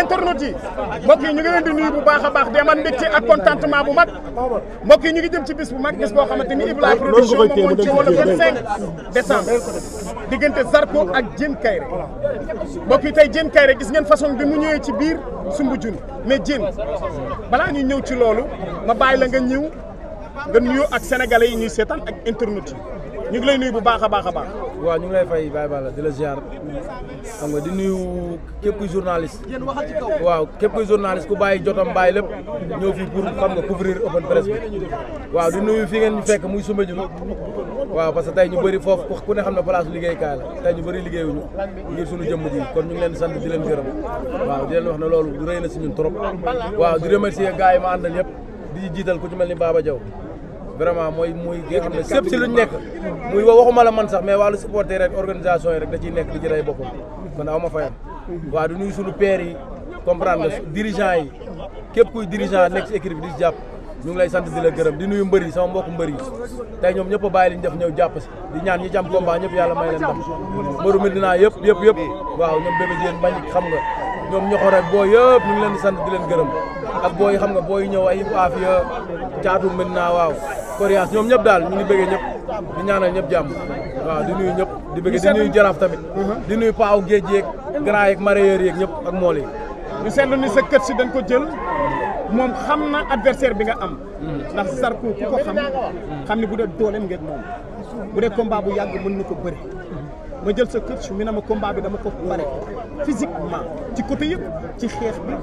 internet yi mbokk yi ñu ngi leen nuyu bu baax a baax demal mbégte ak contentement bu mag mbokk yi ñu ngi jëm ci bis bu mag bis boo xamante ni Ibrahima production moom moo ci wala 25 décembre diggante Zarko ak Diène Kaïré mbokk yi tey jën Kaïré gis ngeen façon bi mu ñëwee ci biir sumbu jun mais Diène balaa ñuy ñëw ci loolu ma bàyyi la nga ñëw nga nuyoo ak sénégalais yi ñuy seetaan ak internet yi ñu ngi lay nuyu bu baax a baax a baax. waaw ñu ngi lay fay Baye Balla di la nga di nuyu képp kuy journaliste. waaw képp kuy journaliste ku bàyyi jotam bàyyi lépp ñëw fii pour xam nga couvrir open presse bi. waaw di nuyu fi ngeen fekk muy sumba jun waaw parce que ñu bëri foofu ku ne xam ne place liggéeykaay la tey ñu bëri liggéeyuñu ngir suñu jëmm ji kon ñu ngi leen sant di leen gërëm waaw di leen wax ne loolu rëy na si ñun trop waaw di remercier gars yi ma àndal di jiital ku ci mel ni Baba Diaw vraiment mooy muy nga xam ne sëpp si nekk muy waxuma la man sax mais wàllu supporter rek organisation yi rek da nekk di jëlay boppam kon aw ma fayam waaw du nuyu suñu père yi comprendre nga dirigeant yi képp kuy dirigeant nekk si di si jàpp ñu ngi lay sant di la gërëm di nuyu mbër yi sama mbokk mbër yi tey ñoom ñëpp a bàyyi li ñu def ñëw jàpp si di ñaan ñi ci am combat ñëpp yàlla may leen ndam mbëru Medina yëpp yëpp yëpp waaw ñoom bébé jeen bañ xam nga ñoom ñoxo rek boo yëpp ñu ngi leen leen gërëm ak boo yi xam nga boo yi ñëw ay aafiya caatu Medina Coriace ñoom ñëpp daal ñu ngi bëggee ñëpp di ñaanal ñëpp jàmm waaw di nuyu ñëpp di bëggee di nuyu jaraaf tamit uh-huh. di nuyu paaw géej yeeg grand yeeg mareyeur yeeg ak mool yi ñu ni sa kët si dañ ko jël moom xam na adversaire bi nga am ndax Zarko ku ko xam xam bu dee dooleem ngeen moom bu dee combat bu yàgg mën na ko bëri ma jël sa coach mi ne ma combat bi dama ko pare physiquement ci côté yëpp ci xeex bi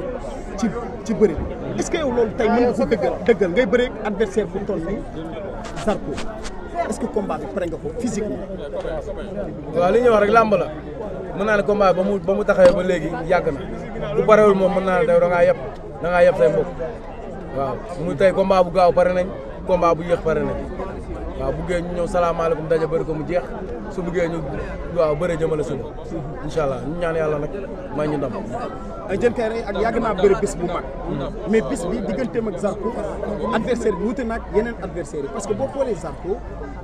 ci ci bëri est-ce loolu tey mën nga ko dëggal dëggal ngay bëree adversaire bu toll nii Zarko est-ce que combat bi pare nga ko physiquement. waaw li ñuy wax rek làmb la mën naa ne combat ba mu ba mu taxawee ba léegi yàgg na bu parewul moom mën naa ne tey da ngaa yeb da ngaa yeb say mbokk waaw muy tey combat bu gaaw pare nañ combat bu yéex pare nañ. waaw buggee ñu ñëw salaamaaleykum daje bëri ko mu jeex su buggee ñu waaw bëree jëmale suñu incha allah ñu ñaan yàlla nag may ñu ndam. Diène Kaïré ak yàgg naa bëri bis bu mag. mais bis bi digganteem ak Zarko adversaire bi wute nag yeneen adversaire yi parce que boo xoolee Zarko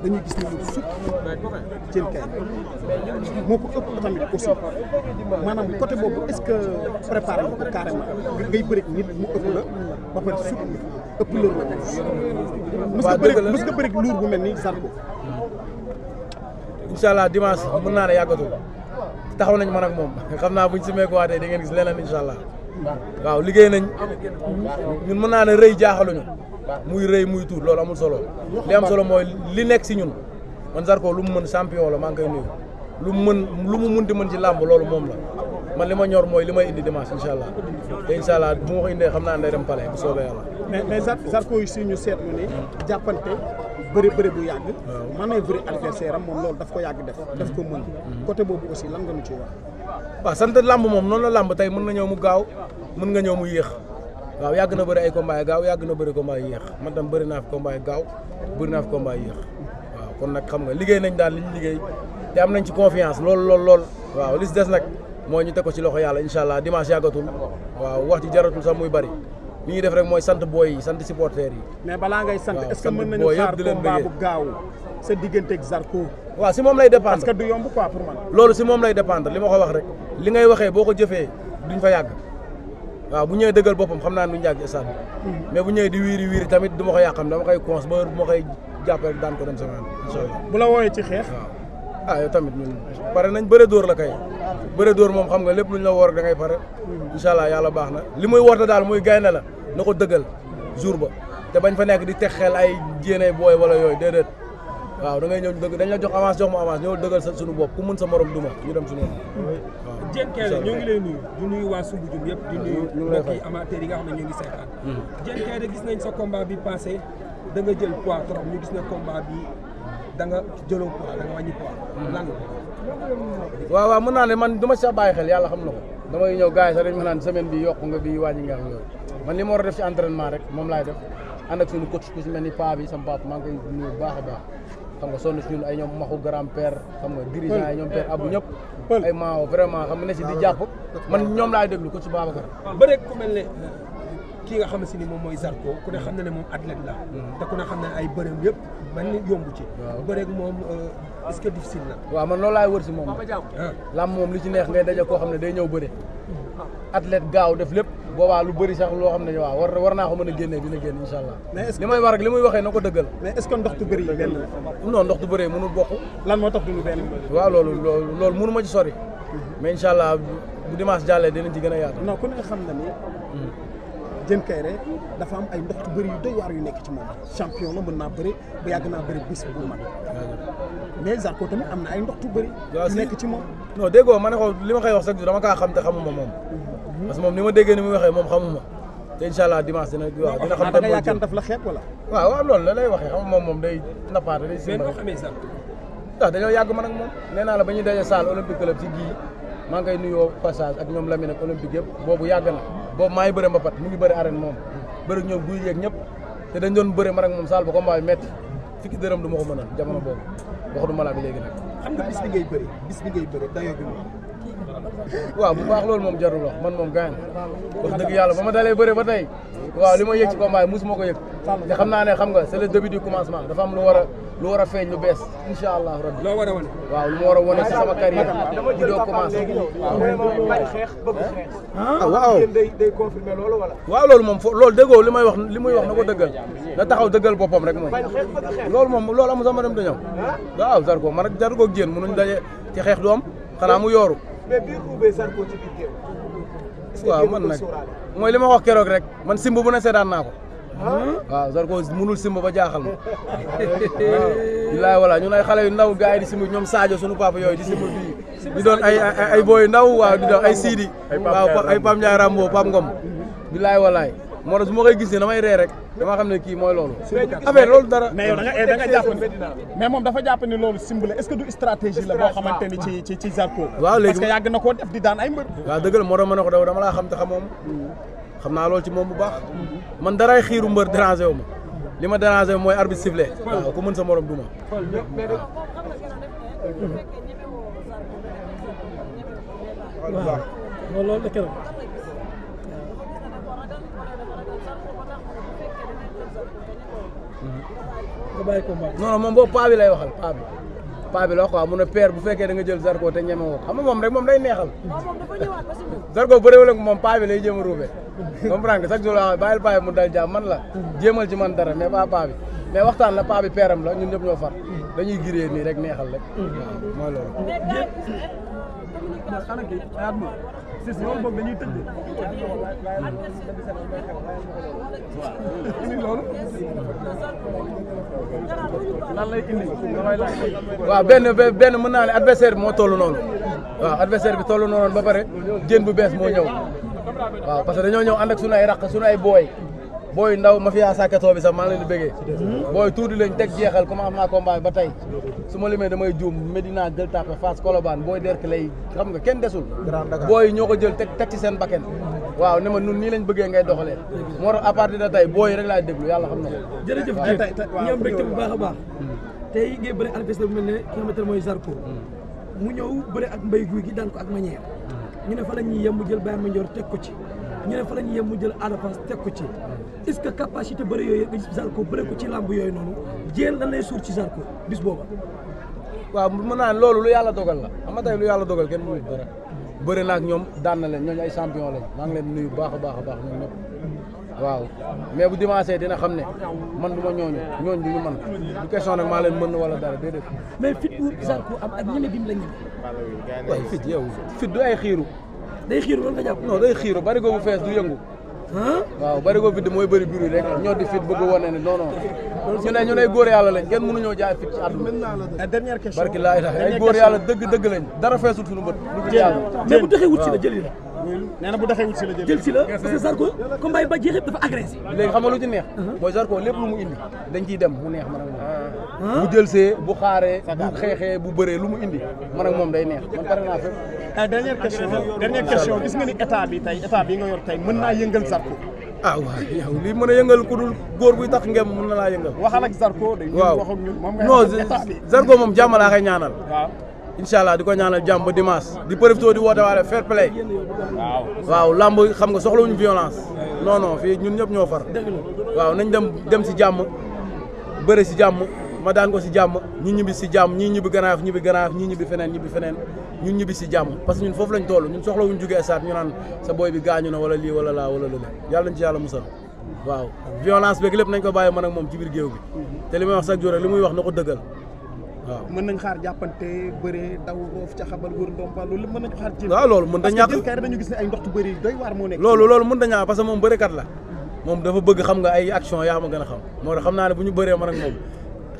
dañuy gis ne suuf jën kay moo ko ëpp tamit aussi maanaam côté boobu est-ce que préparé nga ko carrément ngay bëri nit mu ëpp la ba pare suuf ëpp la loolu. mës nga bëri mës nga bëri luur bu mel ni Zarko. incha allah dimanche mën naa ne yàggatul taxaw nañ man ak moom xam naa buñ si meekuwaatee da ngeen gis leneen incha allah waaw liggéey nañ ñun mën naa ne rëy jaaxaluñu. muy rëy muy tuut loolu amul solo li am solo mooy li nekk si ñun man Zarko lu mu mën champion la maa ngi koy nuyu lu mu mën lu mu mun di mën ci làmb loolu moom la man li ma ñor mooy li may indi dimanche incha allah te incha allah bu ma ko indee xam naa ne day dem palais bu soobee yàlla. mais mais Zarko yi si ñu seetlu ni jàppante bëri bëri bu yàgg. waaw manœuvre adversaire am moom loolu daf ko yàgg def. daf ko mën. Mm-hmm. côté boobu aussi lan nga ñu ci wax. waaw sant làmb moom noonu la làmb tey mën nga ñëw mu gaaw mën nga ñëw mu yéex. waaw yàgg na bëri ay combat gaaw yàgg na bëri combat yu yéex man tam bëri naa fi combat gaaw bëri naa fi combat yéex waaw kon nag xam nga liggéey nañ daal li ñu liggéey te am nañ ci confiance loolu lool lool waaw li si des nag mooy ñu teg ko loxo yàlla incha allah dimanche yàggatul waaw wax ci jaratul sax muy bëri li def rek mooy sant booy yi sant supporters yi. mais balaa ngay sant mën nañu xaar combat bu gaaw sa diggante ak si moom lay dépendre parce que du yomb quoi loolu si moom lay dépendre li ma ko wax rek li ngay waxee boo ko jëfee duñ fa yàgg waaw bu ñëwee dëggal boppam xam naa nu njàgg stade bi hmm. mais bu ñëwee di wiiri wiiri tamit du ma ko yàqam dama koy cons ba bu ma koy jàpp rek daan ko dem sama bu la wooyee ci xeex waaw ah tamit ñun pare nañ bëre dóor la kay bëre dóor moom xam nga lépp luñ la woor da ngay pare hmm. incha allah yàlla baax na li muy woote daal muy gaynde la na ko dëggal jour ba te bañ fa nekk di teg xel ay jéene booy wala yooyu déedéet waaw da ngay ñëw dëgg dañ la jox avance jox ma avance ñëw dëggal bopp ku mën sa morom duma ñu dem suñu waaw Diène Kaïré ñoo ngi lay nuyu di nuyu waa Soumbédioune yëpp nga xam ne ñoo ngi seetaan hmm. gis nañ sa combat bi passé da nga jël poids trop ñu gis na combat bi da nga jëloo poids da nga hmm. naa ne man du ma sa bàyyi xel yàlla xam na ko damay ñëw gars yi dañ ma naan semaine bi yokk nga bi wàññi nga xam man li ma war a def ci rek moom laay def ànd ak suñu coach ku mel ni paa bi sama papa maa ngi koy nuyu a baax xam nga sonn si ñun ay ñoom maxu grand père xam nga dirigeant yi ñoom père abu ñëpp ay maaw vraiment xam ne si di jàpp man ñoom laay déglu ko ci Babacar ba rek ku mel euh, kii nga xam si ni moom mooy Zarko ku ne xam na ne moom athlète la mm-hmm. te ku ne xam na ay bëreem yëpp man ni ci bëreeg moom euh, est-ce que difficile na waaw man loolu laay wër si moom ah. lam moom li ci neex ngay daje koo xam ne day ñëw bëre mm. athlète gaaw def lépp boobaa lu bëri sax loo xam ne waaw war war naa ko mën a génnee dina génn incha allah. mais li ma war ak li muy waxee na ko dëggal. mais est ce que ndox du bëri benn lan moo tax duñu benn. waaw loolu loolu loolu mënu ma ci sori. Mhm. mais allah bu dimanche jàllee dinañ ci gën a yaatu. non ku ne xam na ni. Hmm. Diène Kaïré dafa am ay ndox bëri yu doy waar yu nekk ci moom champion la mën naa bëri ba yàgg naa bëri bu mag am na ay ndox bëri yu nekk ci moom non déggoo ma ne ko li ma koy wax sax dama kaa xam te xamuma moom mhm. parce que moom ni ma déggee ni muy waxee moom xamuma te incha allah dimanche na waaw dina xam da nga yaakaar daf la xeeb wala waaw waaw loolu la lay waxee xam moom moom day nappaate day si yàgg man ak moom nee naa la ba ñu daje salle olympique club ci gii maa ngi koy nuyoo passage ak ñoom Lamine ak olympique yëpp boobu yàgg na boobu maa ngi bëre mbapat mu ngi bëre arène moom bëri ñoom guy yeeg ñëpp te dañ doon bëre man ak moom saal ba combat bi metti fukki dërëm du ma ko mënal jamono boobu wax du ma la ak léegi nag xam nga bis bi ngay bëri bis bi ngay bëri dayoo bi moom waaw bu baax loolu moom jarul wax man moom gaañ wax dëgg yàlla ba ma dalee bëre ba tey waaw li ma yëg ci combat yi mosuma ko yëg te xam naa ne xam nga c'est le début du commencement dafa am lu war a lu war a feeñ lu bees incha allah rabbi loo war a wane waaw lu ma war a wane ci sama carrière bu doo commencé waaw waaw day confirmer loolu wala waaw loolu moom fo loolu déggoo li may wax li muy wax na ko dëggal na taxaw dëggal boppam rek moom loolu moom loolu amul sama dem da ñëw waaw Zarko man ak Zarko ak Diène mënuñ daje ci xeex doom xanaa mu yooru mais biir Roubaix Zarko ci biir man nag mooy li ma wax keroog rek man simb bu na seetaan naa ko. Ah? waaw Zarko munul simb ba jaaxal ma. bilaay wala ñun ay xale yu ndaw gars yi di simb ñoom Sadio sunu papa yooyu di simb fii. di doon ay ay ay booy ndaw waaw di doon ay Sidi. ay Pam Ndiaye waaw ay Pam Ndiaye Pam Ngom. bilaay walaay. moi je m'aurais guisé dans gis nii je ree rek qui moi ne kii mooy loolu. affaire loolu dara. mais yow da nga da nga jàpp fait mais moom dafa jàpp ni loolu symbole est-ce que du stratégie la boo xamante ni ci ci ci Zarko. waaw léegi parce que yàgg na koo def di daan ay mbër. waaw dëgg la moo on a ne ko dama laa xam te xamoom xam naa loolu ci moom bu baax. man daraay xiiru mbër déranger wu ma. li ma déranger mooy arbitre sifflé. waaw ku mën sa morom duma. waaw loolu la keroog. nga bàyyi combat non non moom boobu paa bi lay waxal paa la wax quoi mu ne père bu fekkee da nga jël Zarko te ñeme woo xam nga moom rek moom day neexal Zarko bëriwul ak moom paa bi lay jéem a ruube comprendre nga chaque jour la bàyyil paa bi mu dal jàmm man la jéemal ci man dara mais pas paa bi mais waxtaan la paa bi peeram la ñun ñëpp ñoo far dañuy giree nii rek neexal rek mooy loolu si si loolu boobu dañuy tëdd. lan indi waaw benn benn mën naa ne adversaire bi moo toll noonu waaw adversaire bi toll noonu ba pare jën bu bees moo ñëw waaw parce que dañoo ñëw ànd ak sunu ay raq sunu ay booy booy ndaw ma fiyaa sakkatoo bi sax maa la leen di bëggee booy tuuti lañ teg jeexal comme am naa combat ba tey su ma limee damay juum Medina Gueule Tapée Fass Colobane booy derk lay xam nga kenn desul booy ñëw ko jël teg teg ci seen bakken waaw ne ma nun nii lañ bëggee ngay doxalee moo tax à tey booy rek laay déglu yàlla xam na ko jërëjëf ñu tey ngay bëri adversaire bu mel ne ki nga mooy Zarko mm. mu ñëw bëri ak mbay guy gi daan ko ak manière mm. ñu ne fa la ñuy yem mu jël Baye Mandior teg ko ci ñu ne fa la ñuy mu jël Ada Fass teg ko ci mm. est-ce que capacité bëri yooyu nga gis Zarko bëri ko ci làmb yooyu noonu jéen lan lay suur ci Zarko bis booba waaw mën naa loolu lu yàlla dogal la xam nga tey lu yàlla dogal kenn mënul dara bëri naa ak ñoom daan na leen ñooñu ay champion lañ maa ngi leen nuyu baax a baax a baax ñoom ñëpp waaw mais bu dimanche dina xam ne man du ma ñooñu ñooñu du ñu man du question nag maa leen mën wala dara déedéet. mais fit bu Zarko am ak ñeme bi mu yow fit du ay xiiru. day xiiru lan nga jàpp. non bari ko bu fees du yëngu. waaw bari ko fit mooy bëri ñoo di fit bëgg wane ne non non. ñu ne ñu ne góor yàlla lañ kenn mënuñoo jaay fit ci àdduna. dernière question barki laa yàlla dëgg dëgg lañ dara feesul suñu bët. lu dul yàlla mais bu doxee wut si la jëli nee na bu doxee wut si la jël si la parce que ba jeex dafa agressé. léegi xam nga neex. mooy Zarko lépp lu mu indi dañ ciy dem mu neex man ak moom. Ah. bu jëlsee bu xaaree bu xeexee bu bëree lu mu indi man moom day neex man pare naa fépp. Ah, dernière question dernière question gis nga bi tey état bi nga yor tey mën naa yëngal Zarko. ah waaw yow lii mën a yëngal ku dul góor buy tax ngem mën na laa yëngal. waxal ak Zarko. waaw wax ak ñun moom nga. non Zarko moom jàmm laa koy ñaanal. waaw incha allah di ko ñaana jàmm ba dimanche di profité di woote waale fair waaw làmb xam nga soxlawuñu violence non non fii ñun ñëpp ñoo far waaw nañ dem dem si jàmm bëre si jàmm ma daan ko si jàmm ñu ñibbi si jàmm ñii ñibbi ganaaf ñibbi ganaaf ñii ñibbi feneen ñibbi feneen ñun ñibbi si jàmm parce que ñun foofu lañ toll ñun soxlawuñu jugee saat ñu naan sa booy bi gaañu na wala lii wala laa wala lële yàlla nañ ci yàlla musal waaw violence beeg lépp nañ ko bàyyi man ak moom ci biir wax chaque jour li muy wax na ko dëggal mën nañ xaar jàppante bëre daw roof ca xabal wër ndomba loolu mën nañ xaar jël waaw loolu mën da ñàkk kay dañu gis ne ay ndoxtu bëri doy waar moo nekk loolu mën da ñàkk parce que moom bërekat la moom dafa bëgg xam nga ay action yaa ma gën a xam moo tax xam naa ne bu ñu bëree man ak moom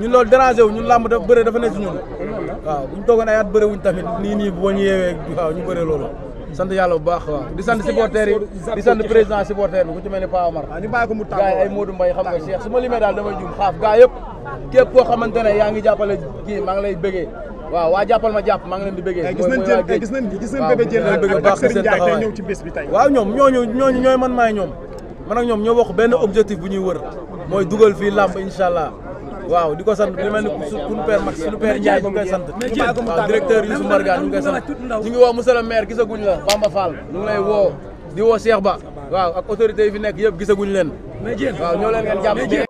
ñun loolu dérangé wu ñun làmb dafa bëre dafa nekk si ñun waaw bu ñu toogoon nii nii boo ñu yeewee waaw ñu bëre loolu sant bu baax waaw di sant supporters yi di sant président supporter bi ku ci xam nga yaa ngi jàppale kii maa ngi lay bëggee waaw waa jàppal ma jàpp leen di bëggee eh, eh, gis nañ gis nañ gis nañ bébé jël ak Serigne Ndiaye tey ñëw ci bés bi tey waaw ñoom ñooñu ñooñu man maay ñoom man ñoom ñoo bokk benn objectif bu ñuy wër mooy dugal fii làmb inshallah waaw di ko sant di mel ni suñu père Max suñu père Ndiaye ñu ngi koy sant waaw directeur Youssou Mbargane ñu ngi koy sant la Bamba Fall ñu ngi lay woo di woo Ba waaw ak autorité yi fi nekk yëpp gisaguñ leen waaw ñoo leen ngeen jàpp